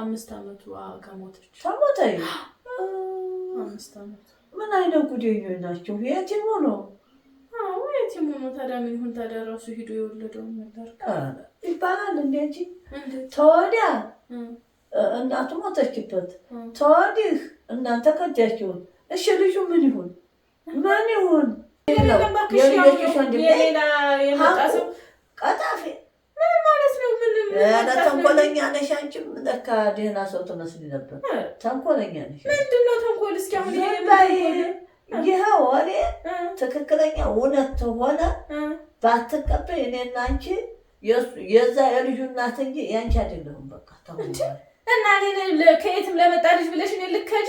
አምስት ዓመቱ ከሞተች ከሞተ አምስት ዓመቱ ምን አይነት ጉደኞች ናቸው? የቲሙ ነው የቲሙ ነው። ታዲያ ምን ይሁን ታዲያ ራሱ ሂዶ የወለደው ነበር ይባላል። እንዴት ተወዲያ እናቱ ሞተችበት፣ ተወዲህ እናንተ ከጃችሁን። እሺ ልጁ ምን ይሁን ምን ይሁን? ቀጣፊ ተንኮለኛ ነሽ አንቺም። ለካ ደህና ሰው ትመስል ነበር። ተንኮለኛ ነሽ። ምንድን ነው ተንኮል? እስኪ አሁን ይህ ወሬ ትክክለኛ እውነት ተሆነ ባትቀበይ እኔና አንቺ የዛ የልጁ እናት እንጂ ያንቺ አይደለሁም። በቃ እና ከየትም ለመጣ ልጅ ብለሽ እኔ ልከጂ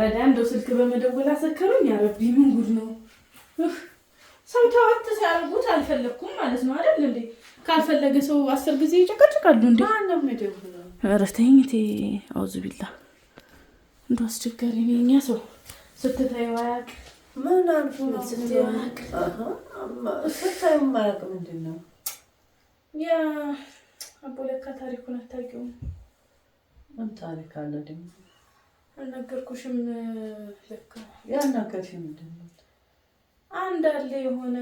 ረዳ እንደው ስልክ በመደወል አሰከሩኝ። ያረቢ ምን ጉድ ነው! ሰው ተዋት ሲያርጉት አልፈለግኩም ማለት ነው አይደል እንዴ? ካልፈለገ ሰው አስር ጊዜ ይጨቀጭቃሉ። እንዲ ኧረ ተይኝ እቴ አውዝ ቢላ እንደው አስቸጋሪ ኛ ሰው ስትታዩ አያውቅም። ምን አልኩ ነው ስታዩ አያውቅም። ምንድን ነው ያ አቦ ለካ ታሪኩን አታውቂውም። ምን ታሪክ አለ ደግሞ? አልነገርኩሽም። ለካ ያናገርሽ ምንድን ነው አንድ አለ የሆነ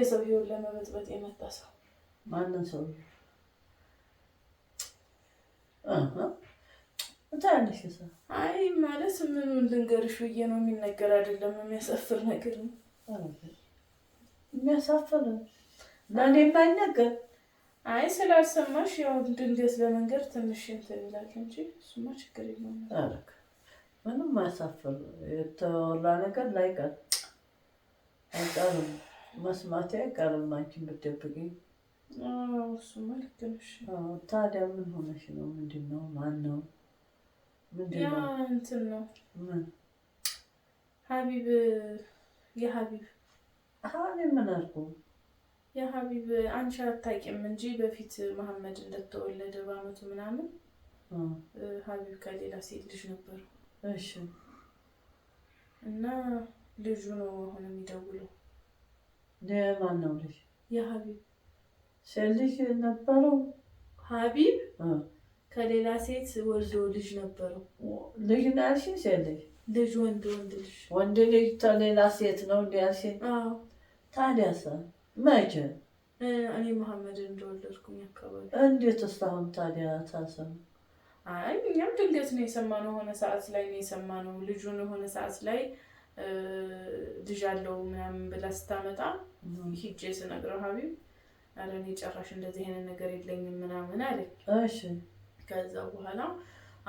የሰው ህይወት ለመበጥበጥ የመጣ ሰው ማንም ሰው አይ ማለት ምን ልንገርሽ ብዬ ነው። የሚነገር አይደለም፣ የሚያሳፍር ነገር ነው። የሚያሳፍር ለእኔ የማይነገር አይ ስላልሰማሽ ያው ድንገት ለመንገድ ትንሽ እንትን ይላል እንጂ እሱማ ችግር የለውም። ምንም አያሳፍር የተወላ ነገር ላይቀር አይቀርም። መስማቴ አይቀርም። አንቺን ብትደብቂኝ እሱማ ልክ ነሽ። ታዲያ ምን ሆነሽ ነው? ምንድን ነው? ማን ነው? ምንድን ነው? ያ እንትን ነው። ምን ሀቢብ? የሀቢብ ሀቢብ ምን አልኩ? የሀቢብ አንቺ አታውቂም እንጂ በፊት መሐመድ እንደተወለደ በአመቱ ምናምን ሀቢብ ከሌላ ሴት ልጅ ነበረው። እሺ። እና ልጁ ነው አሁን የሚደውለው ለማን ነው ልጅ? የሀቢብ ልጅ ነበረው። ሀቢብ ከሌላ ሴት ወልዶ ልጅ ነበረው። ልጅ ነው ያልሽኝ? ልጅ ልጅ ወንድ ወንድ ልጅ ወንድ ልጅ ተሌላ ሴት ነው እንዲ ያልሽኝ? ታዲያ መቼ? እኔ መሐመድ እንደወለድኩኝ አካባቢ። እንዴት እስካሁን ታዲያ ታሰሙ? አይ እኛም ድንገት ነው የሰማነው፣ ሆነ ሰዓት ላይ ነው የሰማነው ልጁን የሆነ ሰዓት ላይ ልጅ አለው ምናምን ብላ ስታመጣ ሂጄ ስነግረው ሀቢብ ኧረ እኔ ጨራሽ እንደዚህ አይነት ነገር የለኝም ምናምን እሺ ከዛ በኋላ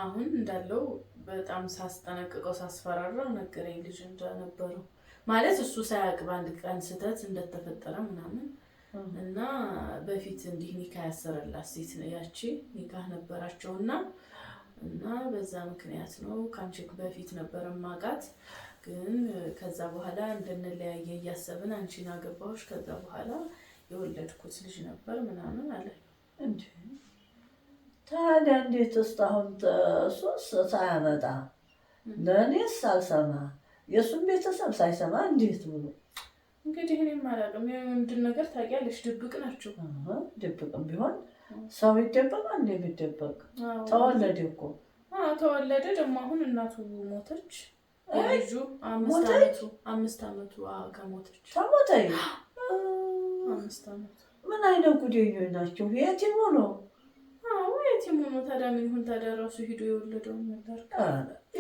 አሁን እንዳለው በጣም ሳስጠነቅቀው ሳስፈራራው ነገረኝ ልጅ እንደነበረው ማለት እሱ ሳያውቅ በአንድ ቀን ስህተት እንደተፈጠረ ምናምን እና በፊት እንዲህ ኒካ ያሰረላት ሴት ያቺ ኒካ ነበራቸውና እና በዛ ምክንያት ነው ከአንቺ በፊት ነበረ ማቃት ግን ከዛ በኋላ እንድንለያየ እያሰብን አንቺን አገባሁሽ፣ ከዛ በኋላ የወለድኩት ልጅ ነበር ምናምን አለ። እንደ ታዲያ እንዴት አሁን እሱን ሳያመጣ ለእኔስ ሳልሰማ የእሱን ቤተሰብ ሳይሰማ እንዴት ብሎ እንግዲህ እኔም አላውቅም። ምንድን ነገር ታውቂያለሽ፣ ድብቅ ናቸው። ድብቅም ቢሆን ሰው ይደበቃል። እንደ ቢደበቅ ተወለደ እኮ ተወለደ። ደግሞ አሁን እናቱ ሞተች። ልጁ አምስት አመቱ አምስት አመቱ ከሞተች ከሞተ አምስት አመቱ። ምን አይነት ጉደኞች ናቸው? የቲሙ ነው የቲሙ ነው። ታዲያ ምን ይሁን ታዲያ ራሱ ሂዶ የወለደውን ነበር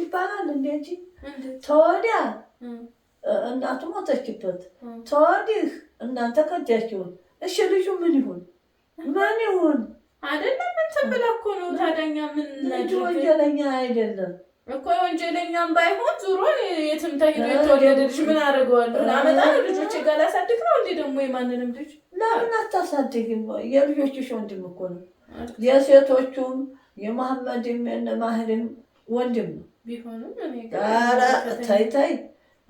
ይባላል። እንዴት ተወዲያ እናቱ ሞተችበት፣ ተወዲህ እናንተ ከጃችሁን። እሺ ልጁ ምን ይሁን ምን ይሁን አይደለም። ምን ትብላ እኮ ነው ታዲያ እኛ ምን ልጁ ወንጀለኛ አይደለም እኮ ወንጀለኛም ባይሆን ዙሮ የትም ተሄዶ የተወለደ ልጅ ምን አደርገዋለሁ? አመጣ ልጆች ጋር ላሳድግ ነው እንዴ? ደግሞ የማንንም ልጅ ለምን አታሳድግም? የልጆችሽ ወንድም እኮ ነው። የሴቶቹም የመሐመድም የማህልም ወንድም ነው። ቢሆንም ታይታይ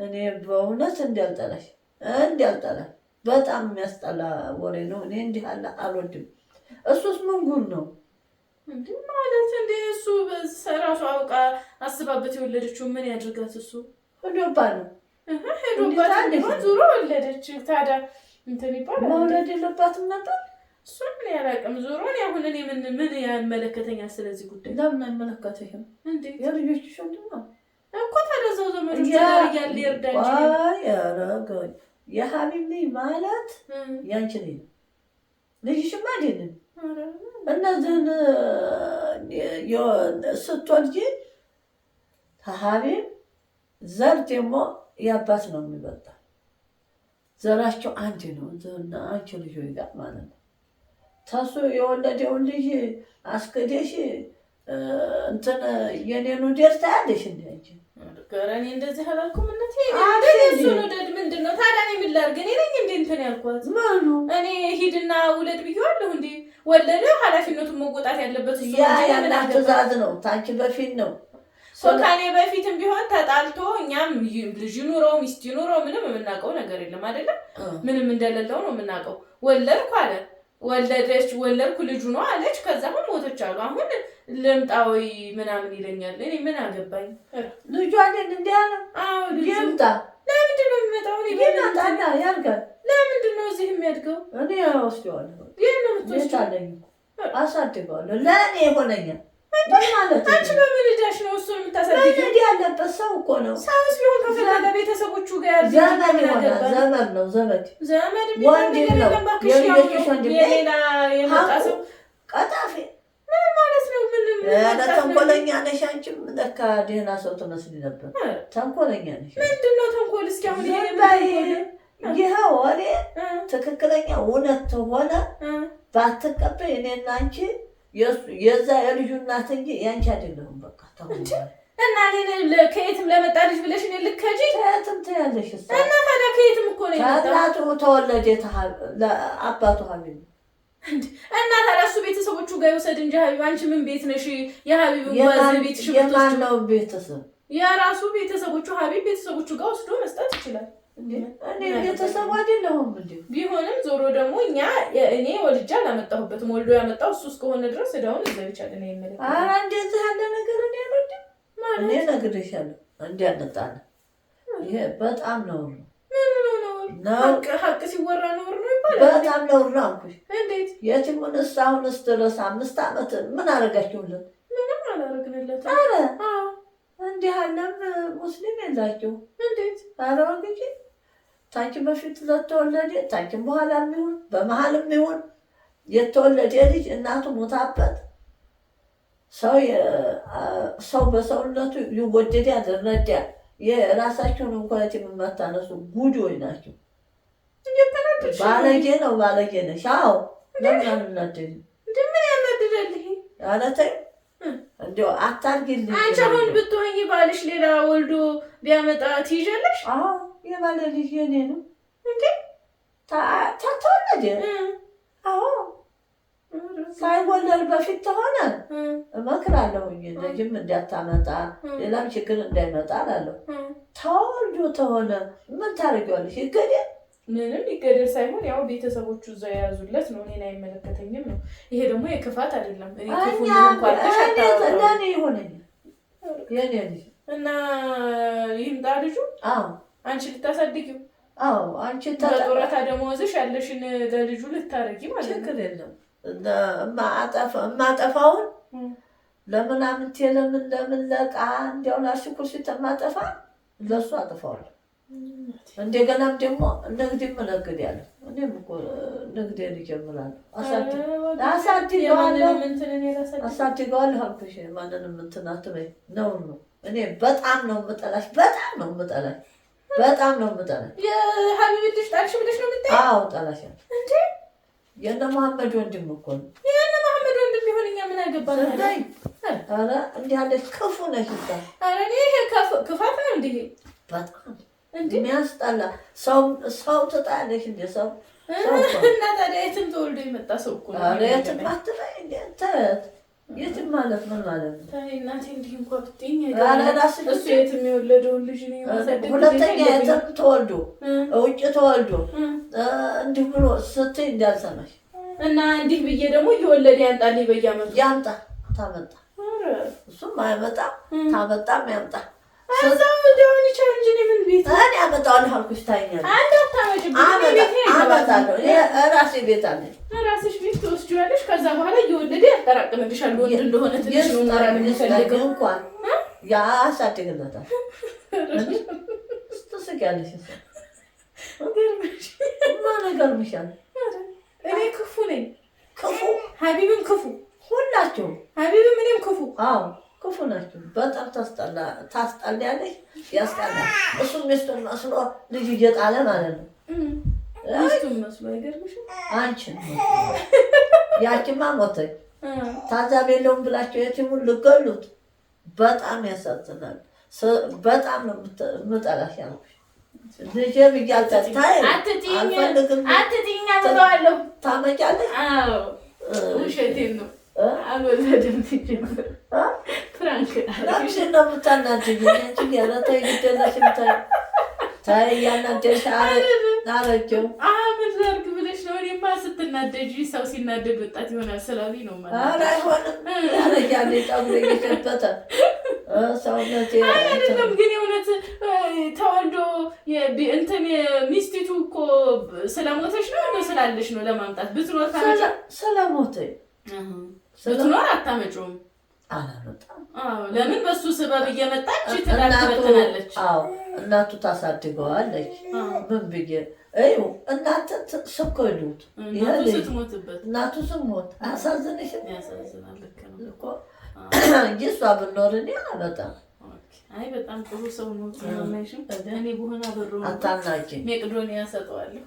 እኔ በእውነት እንዲያልጠላሽ እንዲያልጠላሽ በጣም የሚያስጠላ ወሬ ነው። እኔ እንዲህ አለ አልወድም። እሱስ ምን ጉድ ነው? ማለት እንዴ እሱ ራሱ አውቃ አስባበት የወለደችው ምን ያድርጋት? እሱ ሄዶባ ነው ሄዶባት ዙሮ ወለደች። ታዲያ እንትን ይባላል መውለድ የለባትም ነበር። እሱ ምን ያላቅም ዞሮ አሁን እኔ ምን ምን ያመለከተኛል? ስለዚህ ጉዳይ ለምን አይመለከተኝም? እንዴት የልጆችሽ ወንድም ነው እኮ ታዲያ እዛው ዘመዶች ያለ ይርዳጅ የሀቢብ ማለት ያንቺ ነው ልጅሽማ አይደለም እነዚህን ስትወልጂ ተሀቢ ዘር ደግሞ የአባት ነው የሚበጣ ዘራቸው አንድ ነው። እና አንቺ ልጅ ይጋጥ ማለት ነው። ተሱ የወለደውን ልጅ አስክደሽ እንትን የኔኑ ደርታ ያለሽ እንደ ኧረ እኔ እንደዚህ አላልኩም እናቴ። እሱን ውደድ ምንድን ነው ታዲያ? እኔ ምን ላድርግ? እኔ ነኝ እንደ እንትን ያልኳት። እኔ ሂድና ውለድ ብዬዋለሁ። እንደ ወለደ ኃላፊነቱን መወጣት ያለበት ያላት ትዕዛዝ ነው። ታንቺ በፊት ነው ከኔ በፊትም ቢሆን ተጣልቶ እኛም ልጅ ኑሮ ሚስት ኑሮ ምንም የምናውቀው ነገር የለም አይደለም። ምንም እንደሌለው ነው የምናውቀው። ወለድኩ አለ ወለደች ወለድኩ ልጁ ነው አለች። ከዛ ሁን ሞቶች አሉ። አሁን ልምጣዊ ምናምን ይለኛል። እኔ ምን አገባኝ? ልጁ አለን እንዲ ያለ ይምጣ። ለምንድን ነው የሚመጣው? ይምጣና ያድጋል። ለምንድን ነው እዚህ የሚያድገው? እኔ ወስደዋለሁ። ይህ ነው ምትወስዳለኝ። አሳድገዋለሁ። ለእኔ የሆነኛል አንቺ በመልዳሽ ነው እሱን የምታሳድጊው። ያለበት ሰው እኮ ነው። ሰውስ ቢሆን ከፈለገ ቤተሰቦቹ ጋር ያለ ዘመድ ዘመድ ነው። ዘመድ ዘመድ ሌላ የመጣ ሰው ቀጣፊ ምን ማለት ነው? ምንም ተንኮለኛ ነሽ አንቺ? ለካ ደህና ሰው ትመስል ነበር። ተንኮለኛ ነሽ። ምንድን ነው ተንኮል? እስኪ አሁን ይሄ ወሬ ትክክለኛ እውነት ሆነ ባትቀበይ እኔና አንቺ የዛ የልጁ እናት እንጂ ያንቺ አይደለሁም። በቃ እናቴ ከየትም ለመጣ ልጅ ብለሽ እኔ ልከጂ ከየትም ትያለሽ እና ታዲያ ከየትም እኮ ነው ከእናቱ ተወለደ አባቱ ሀቢብ እና ታዲያ እሱ ቤተሰቦቹ ጋር ይውሰድ እንጂ ሀቢብ አንቺ ምን ቤት ነሽ? የሀቢብ ወዝ ቤት ሽማነው ቤተሰብ የራሱ ቤተሰቦቹ ሀቢብ ቤተሰቦቹ ጋር ወስዶ መስጠት ይችላል። ቤተሰቡ አይደለሁም እንዴ? ቢሆንም ዞሮ ደግሞ እኛ እኔ ወልጃ አላመጣሁበትም። ወልዶ ያመጣው እሱ እስከሆነ ድረስ እዳውን እዛ ብቻ ለ ይመለክ እንደዚህ ያለ ነገር እኔ ያለድ እኔ ነግሬሻለሁ። እንዲ ያነጣለ ይሄ በጣም ነውር ነው። ሀቅ ሲወራ ነውር ነው ይባላል። በጣም ነውር ነው አልኩሽ። እንዴት የትሙን እስ አሁንስ ድረስ አምስት አመት ምን አደረጋችሁልን? ምንም አላደረግንለት። ኧረ እንዲህ አለም ሙስሊም የላቸው እንዴት አረወግጅ ታኪም በፊት ለተወለደ ታኪም በኋላ የሚሆን በመሀልም የሚሆን የተወለደ ልጅ እናቱ ሞታበት ሰው በሰውነቱ ይወደድ ያደረዳ የራሳቸውን እንኳን የምታነሱ ጉዶች ናቸው። ባለጌ ነው፣ ባለጌ ነሽ። አዎ ለምን አንናደድ? ምን ያናድዳልህ? አለተኝ እንዲያው አታርጊልኝ። አንቺ አሁን ብትሆኚ ባልሽ ሌላ ወልዶ ቢያመጣ ትይዣለሽ? አዎ የባለ ልጅ የኔ ነው እንዴ? ተተወለደ? አዎ ሳይወለድ በፊት ተሆነ እመክራለሁኝ። ልጅም እንዳታመጣ ሌላም ችግር እንዳይመጣ አላለሁ። ተወልዶ ተሆነ ምን ታደርጊዋለሽ? ይገደል ምንም ይገደል ሳይሆን ያው ቤተሰቦቹ እዛ የያዙለት ነው። እኔን አይመለከተኝም ነው። ይሄ ደግሞ የክፋት አይደለም። ለእኔ ይሆነኛል የኔ ልጅ እና ይምጣ ልጁ አንቺ ልታሳድጊው አዎ አንቺ ጡረታ ደመወዝሽ ያለሽን ለልጁ ልታረጊ ማለት ነው። ችግር የለም የማጠፋውን ለምናምንቴ ለምን ለምን ለቃ እንዲያው ላሽ ኩርሲ ማጠፋ ለሱ አጥፋዋለሁ። እንደገናም ደግሞ ንግድም ያለ እኔም እኮ ንግዴን እጀምራለሁ። አሳድገዋለሁ ሀብሽ ማንንም እንትን አትበይ። ነው ነው እኔ በጣም ነው የምጠላሽ፣ በጣም ነው የምጠላሽ በጣም ነው ምጠላ። የሀቢብ ልጅ ጣልሽ ብለሽ ነው ምታይ? አዎ ጣላሽ እንዴ? የእነ መሐመድ ወንድም እኮ ነው። የእነ መሐመድ ወንድም ቢሆን እኛ ምን አገባን? አይ አረ እንዲህ አለሽ ክፉ ነሽ እንዴ? አረ እኔ ክፋት ነው እንዲህ በጣም እንዴ የሚያስጠላ ሰው ሰው ትጣለሽ እንዴ? ሰው እና ታዲያ የትም ተወልዶ የመጣ ሰው እኮ ነው። የትም አትበይ እንዴ የትም ማለት ምን ማለት ነው? እናቴ እንዲህ እንኳን ብትይኝ እሱ የትም የወለደውን ልጅ ሁለተኛ የትም ተወልዶ ውጭ ተወልዶ እንዲህ ብሎ ስትይ እንዳልሰማሽ እና እንዲህ ብዬ ደግሞ እየወለደ ያምጣልኝ በየዓመቱ ያምጣ ታመጣ እሱም አይመጣ ታመጣም ያምጣ ቤት ትችላለሽ። ከዛ በኋላ እየወለደ ያጠራቅምልሻል። ወንድ እንደሆነ ትንሽ ነው የሚፈልገው እንኳን ያ ያሳድግለታል። ትስቂያለሽ። ገርምሻል። እኔ ክፉ ነኝ። ክፉ ሀቢብም ክፉ፣ ሁላችሁም ሀቢብም እኔም ክፉ። አዎ ክፉ ናቸው። በጣም ታስጠላለች፣ ያስጠላል። እሱ ሚስቱን መስሎ ልጅ እየጣለ ማለት ነው። ሚስቱን መስሎ አይገርምሽም? አንቺን ያቺማ ሞተች። ታዛቢ የለውም ብላቸው የቲሙን ልገሉት። በጣም ያሳዝናል። በጣም ነው የምጠላት ያልኩሽ ልጄ ታመጫለሽ ውሸቴን ነው ነው የምታናድጂኝ ዛሬ እያናደድሽ ብለሽ ነው። እኔማ ስትናደጂ ሰው ሲናደድ ወጣት ይሆናል ስላሉኝ ነው አይደለም ግን የእውነት ተወልዶ እንትን ሚስቲቱ እኮ ስለሞተች ነው ነው ለማምጣት ብትኖር ብትኖር ለምን በሱ ስበብ እየመጣች ትበትናለች። እናቱ ታሳድገዋለች። ምን ብዬ እዩ እናንተ ስኮዱት እናቱ ስሞት አያሳዝንሽም? እንጂ እሷ ብኖር እኔ በጣም አይ በጣም ጥሩ ሰው ነው። ትናናሽም እኔ በሆነ በሩ አታናቂ ሜቅዶኒያ ሰጠዋለሁ